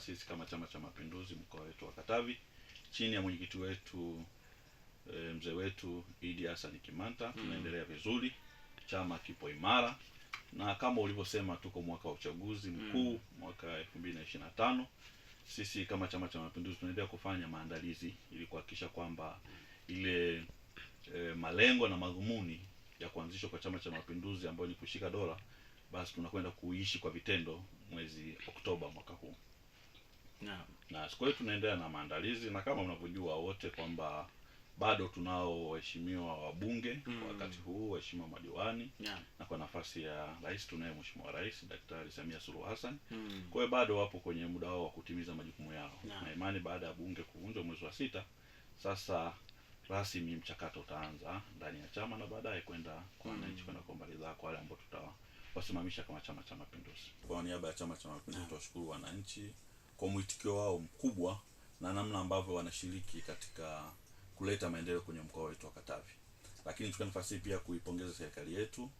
Sisi kama Chama cha Mapinduzi mkoa wetu wa Katavi chini ya mwenyekiti wetu e, mzee wetu Idi Hassan Kimanta hmm. tunaendelea vizuri, chama kipo imara, na kama ulivyosema, tuko mwaka wa uchaguzi hmm. mkuu mm. mwaka 2025. Sisi kama Chama cha Mapinduzi tunaendelea kufanya maandalizi ili kuhakikisha kwamba ile e, malengo na madhumuni ya kuanzishwa kwa Chama cha Mapinduzi ambayo ni kushika dola, basi tunakwenda kuishi kwa vitendo mwezi Oktoba mwaka huu yeah. Na siku hii tunaendelea na maandalizi na kama mnavyojua wote kwamba bado tunao waheshimiwa wabunge mm. wakati huu waheshimiwa madiwani yeah. na kwa nafasi ya rais tunaye mheshimiwa rais Daktari Samia Suluhu Hassan mm. kwa hiyo bado wapo kwenye muda wao wa kutimiza majukumu yao yeah. na imani baada ya bunge kuvunjwa mwezi wa sita sasa rasmi mchakato utaanza ndani ya chama na baadaye kwenda kwa mm. wananchi mm. kwenda kuomba ridhaa kwa wale ambao tutawasimamisha kama Chama cha Mapinduzi. Kwa niaba ya Chama cha Mapinduzi yeah. tunashukuru wananchi kwa mwitikio wao mkubwa na namna ambavyo wanashiriki katika kuleta maendeleo kwenye mkoa wetu wa Katavi. Lakini chukua nafasi hii pia kuipongeza serikali yetu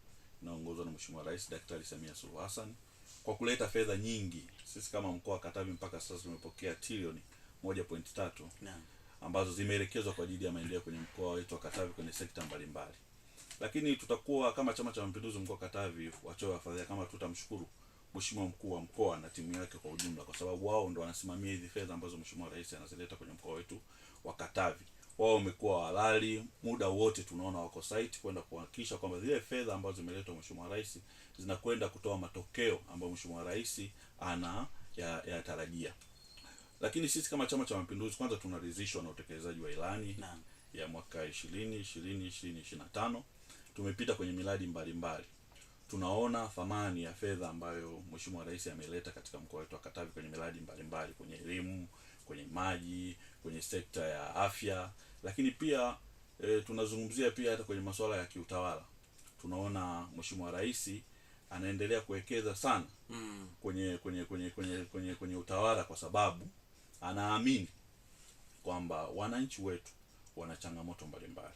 inaongozwa na Mheshimiwa Rais Daktari Samia Suluhu Hassan kwa kuleta fedha nyingi. Sisi kama mkoa wa Katavi mpaka sasa tumepokea trilioni 1.3 ambazo zimeelekezwa kwa ajili ya maendeleo kwenye mkoa wetu wa Katavi kwenye sekta mbalimbali. Lakini tutakuwa kama Chama cha Mapinduzi mkoa wa Katavi wachoe wafadhili kama tutamshukuru mheshimiwa mkuu wa mkoa na timu yake kwa ujumla, kwa sababu wao ndo wanasimamia hizi fedha ambazo mheshimiwa rais anazileta kwenye mkoa wetu wa Katavi. Wao wamekuwa halali muda wote, tunaona wako site kwenda kuhakikisha kwamba zile fedha ambazo zimeletwa mheshimiwa rais zinakwenda kutoa matokeo ambayo mheshimiwa rais ana yatarajia ya lakini sisi kama Chama cha Mapinduzi kwanza tunaridhishwa na utekelezaji wa ilani na ya mwaka 2020 2025. Tumepita kwenye miradi mbalimbali tunaona thamani ya fedha ambayo Mheshimiwa Rais ameleta katika mkoa wetu wa Katavi kwenye miradi mbalimbali, kwenye elimu, kwenye maji, kwenye sekta ya afya, lakini pia e, tunazungumzia pia hata kwenye masuala ya kiutawala. Tunaona Mheshimiwa Rais anaendelea kuwekeza sana mm. kwenye, kwenye, kwenye, kwenye, kwenye, kwenye utawala kwa sababu anaamini kwamba wananchi wetu wana changamoto mbalimbali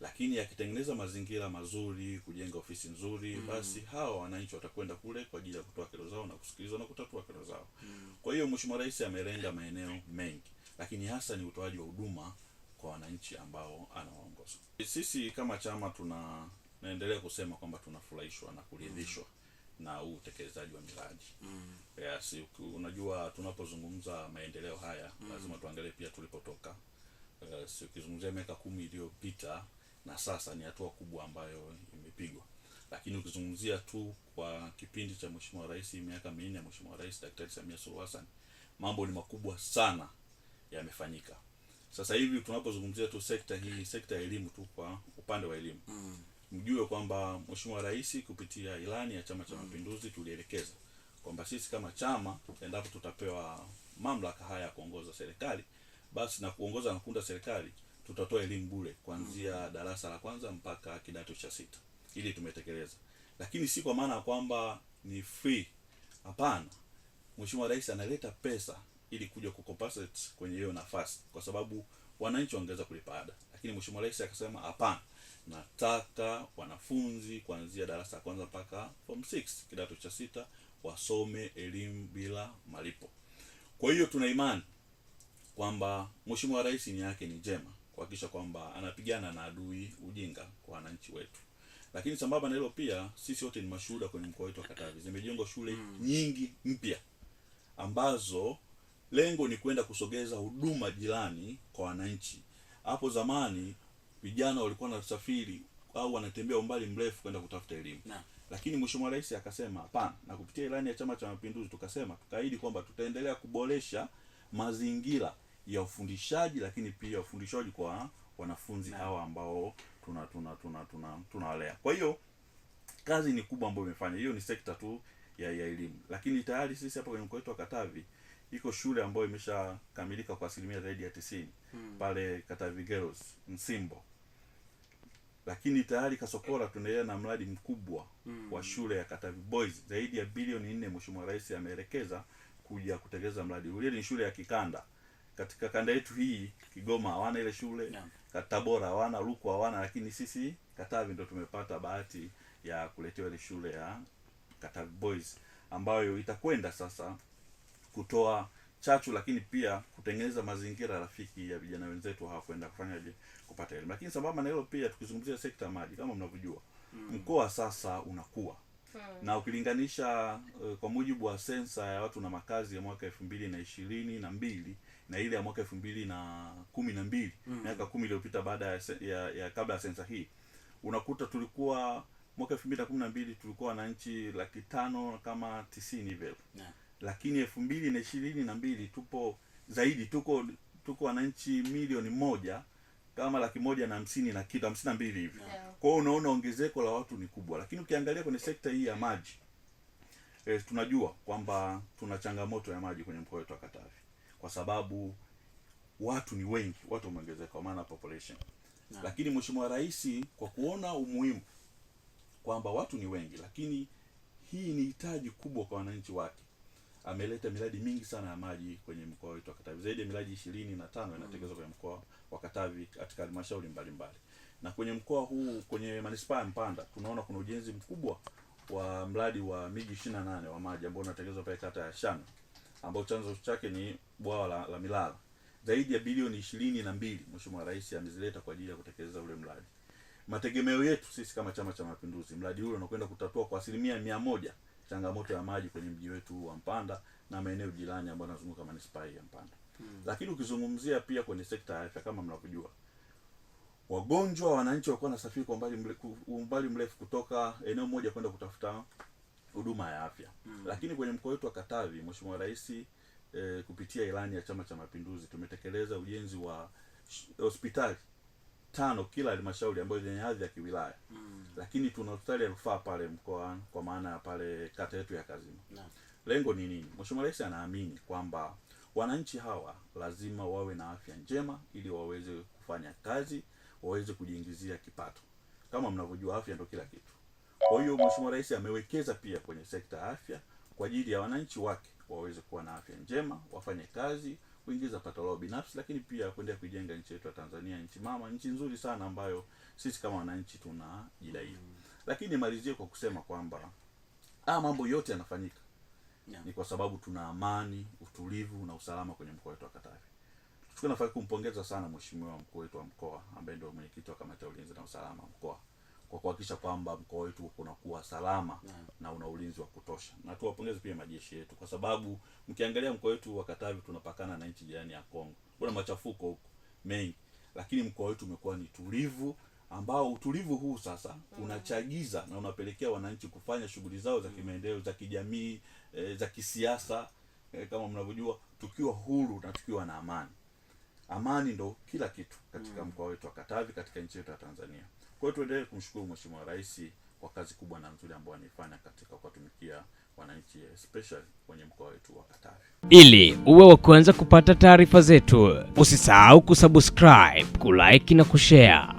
lakini akitengeneza mazingira mazuri, kujenga ofisi nzuri mm. basi hawa wananchi watakwenda kule kwa ajili ya kutoa kero zao na kusikilizwa na kutatua kero zao mm. kwa hiyo Mheshimiwa Rais amelenga maeneo mengi, lakini hasa ni utoaji wa huduma kwa wananchi ambao anawaongoza. Sisi kama chama tuna naendelea kusema kwamba tunafurahishwa na kuridhishwa mm. na huu utekelezaji wa miradi mm. yes, unajua tunapozungumza maendeleo haya mm. lazima tuangalie pia tulipotoka. Uh, eh, yes, ukizungumzia miaka kumi iliyopita na sasa ni hatua kubwa ambayo imepigwa. Lakini ukizungumzia tu kwa kipindi cha Mheshimiwa Rais, miaka minne ya Mheshimiwa Rais Daktari Samia Suluhu Hassan, mambo ni makubwa sana yamefanyika. Sasa hivi tunapozungumzia tu sekta hii, sekta ya elimu tu kwa upande wa elimu mm. mjue kwamba Mheshimiwa Rais kupitia ilani ya Chama cha mm. Mapinduzi mm. tulielekeza kwamba sisi kama chama endapo tutapewa mamlaka haya ya kuongoza serikali basi na kuongoza na kuunda serikali tutatoa elimu bure kuanzia mm. darasa la kwanza mpaka kidato cha sita, ili tumetekeleza, lakini si kwa maana ya kwamba ni free. Hapana, Mheshimiwa Rais analeta pesa ili kuja kucompensate kwenye hiyo nafasi, kwa sababu wananchi wangeweza kulipa ada, lakini Mheshimiwa Rais akasema hapana, nataka wanafunzi kuanzia darasa la kwanza mpaka form 6 kidato cha sita wasome elimu bila malipo. Kwa hiyo tuna imani kwamba Mheshimiwa Rais ni yake ni jema kuhakikisha kwamba anapigana na adui ujinga kwa wananchi wetu. Lakini sambamba na hilo pia sisi wote ni mashuhuda kwenye mkoa wetu wa Katavi, zimejengwa shule mm. nyingi mpya ambazo lengo ni kwenda kusogeza huduma jirani kwa wananchi. Hapo zamani vijana walikuwa wanasafiri au wanatembea umbali mrefu kwenda kutafuta elimu na. Lakini Mheshimiwa Rais akasema hapana, na kupitia ilani ya Chama cha Mapinduzi tukasema tukaahidi kwamba tutaendelea kuboresha mazingira ya ufundishaji, lakini pia ya ufundishaji kwa wanafunzi hawa ambao tuna tuna tuna tuna, tunawalea. Kwa hiyo kazi ni kubwa ambayo imefanya. Hiyo ni sekta tu ya ya elimu, lakini tayari sisi hapa kwenye mkoa wetu wa Katavi iko shule ambayo imeshakamilika kwa asilimia zaidi ya tisini hmm. pale Katavi Girls Msimbo, lakini tayari Kasokola tunaendelea na mradi mkubwa hmm. wa shule ya Katavi Boys zaidi ya bilioni nne Mheshimiwa Rais ameelekeza kuja kutekeleza mradi ule. Ni shule ya kikanda katika kanda yetu hii Kigoma hawana ile shule no. Tabora hawana, Ruku hawana, lakini sisi Katavi ndo tumepata bahati ya kuletewa ile shule ya Katavi Boys ambayo itakwenda sasa kutoa chachu lakini pia kutengeneza mazingira rafiki ya vijana wenzetu hawakwenda kufanyaje kupata elimu. Lakini sambamba na hilo pia tukizungumzia sekta ya maji, kama mnavyojua mm. mkoa sasa unakuwa Hmm. na ukilinganisha uh, kwa mujibu wa sensa ya watu na makazi ya mwaka elfu mbili na ishirini na mbili na ile ya mwaka elfu mbili na kumi na mbili hmm. miaka kumi iliyopita baada ya, ya, ya kabla ya sensa hii unakuta tulikuwa mwaka elfu mbili na kumi na mbili tulikuwa nchi laki tano kama tisini hivyo yeah. lakini elfu mbili na ishirini na mbili tupo zaidi tuko tuko wananchi milioni moja kama laki moja na hamsini na kitu hamsini na mbili hivi yeah. Kwa hiyo unaona ongezeko la watu ni kubwa, lakini ukiangalia kwenye sekta hii ya maji e, tunajua kwamba tuna changamoto ya maji kwenye mkoa wetu wa Katavi kwa sababu watu ni wengi, watu wameongezeka kwa maana population na. Lakini Mheshimiwa Rais kwa kuona umuhimu kwamba watu ni wengi, lakini hii ni hitaji kubwa kwa wananchi wake ameleta miradi mingi sana ya maji kwenye mkoa wetu wa Katavi. Zaidi ya miradi ishirini na tano inatekelezwa kwenye mkoa wa Katavi katika halmashauri mbalimbali, na kwenye mkoa huu, kwenye manispaa ya Mpanda tunaona kuna ujenzi mkubwa wa mradi wa miji 28 wa maji ambao unatekelezwa pale kata ya Shano ambao chanzo chake ni bwawa la, la Milala. Zaidi ya bilioni ishirini na mbili Mheshimiwa Rais amezileta kwa ajili ya kutekeleza ule mradi. Mategemeo yetu sisi kama Chama cha Mapinduzi, mradi ule unakwenda kutatua kwa asilimia mia moja changamoto ya maji kwenye mji wetu wa Mpanda na maeneo jirani ambayo yanazunguka manispaa ya Mpanda. Hmm. Lakini ukizungumzia pia kwenye sekta ya afya kama mnavyojua, wagonjwa wananchi walikuwa wanasafiri kwa umbali mrefu, umbali mrefu kutoka eneo moja kwenda kutafuta huduma ya afya. Hmm. Lakini kwenye mkoa wetu wa Katavi, Mheshimiwa Rais eh, kupitia ilani ya Chama cha Mapinduzi tumetekeleza ujenzi wa hospitali tano kila halmashauri ambayo zenye hadhi ya kiwilaya mm. Lakini tuna hospitali ya rufaa pale mkoa kwa maana ya pale kata yetu ya Kazima na. Lengo ni nini? Mheshimiwa Rais anaamini kwamba wananchi hawa lazima wawe na afya njema ili waweze kufanya kazi, waweze kujiingizia kipato. Kama mnavyojua afya ndo kila kitu. Kwa hiyo Mheshimiwa Rais amewekeza pia kwenye sekta ya afya kwa ajili ya wananchi wake waweze kuwa na afya njema, wafanye kazi, kuingiza pato lao binafsi, lakini pia kuendelea kuijenga nchi yetu ya Tanzania, nchi mama, nchi nzuri sana ambayo sisi kama wananchi tunajidai. Mm. Lakini nimalizie kwa kusema kwamba haya mambo yote yanafanyika yeah, ni kwa sababu tuna amani, utulivu na usalama kwenye mkoa wetu wa Katavi. Tuchukue nafasi kumpongeza sana mheshimiwa mkuu wetu wa mkoa ambaye ndio mwenyekiti wa kamati ya ulinzi na usalama mkoa kwa kuhakikisha kwamba mkoa wetu unakuwa salama na, na una ulinzi wa kutosha. Na tuwapongeze pia majeshi yetu kwa sababu mkiangalia mkoa wetu wa Katavi tunapakana na nchi jirani ya Kongo, kuna machafuko huko mengi, lakini mkoa wetu umekuwa ni tulivu, ambao utulivu huu sasa mm. unachagiza na unapelekea wananchi kufanya shughuli zao za mm. kimaendeleo, za kijamii, e, za kisiasa e, kama mnavyojua tukiwa huru na tukiwa na amani. Amani ndo kila kitu katika mm. mkoa wetu wa Katavi, katika nchi yetu ya Tanzania. Kwa hiyo tuendelee kumshukuru Mheshimiwa Rais kwa kazi kubwa na nzuri ambayo anaifanya katika kuwatumikia wananchi especially kwenye mkoa wetu wa Katavi. Ili uwe wa kwanza kupata taarifa zetu, usisahau kusubscribe, kulike na kushare.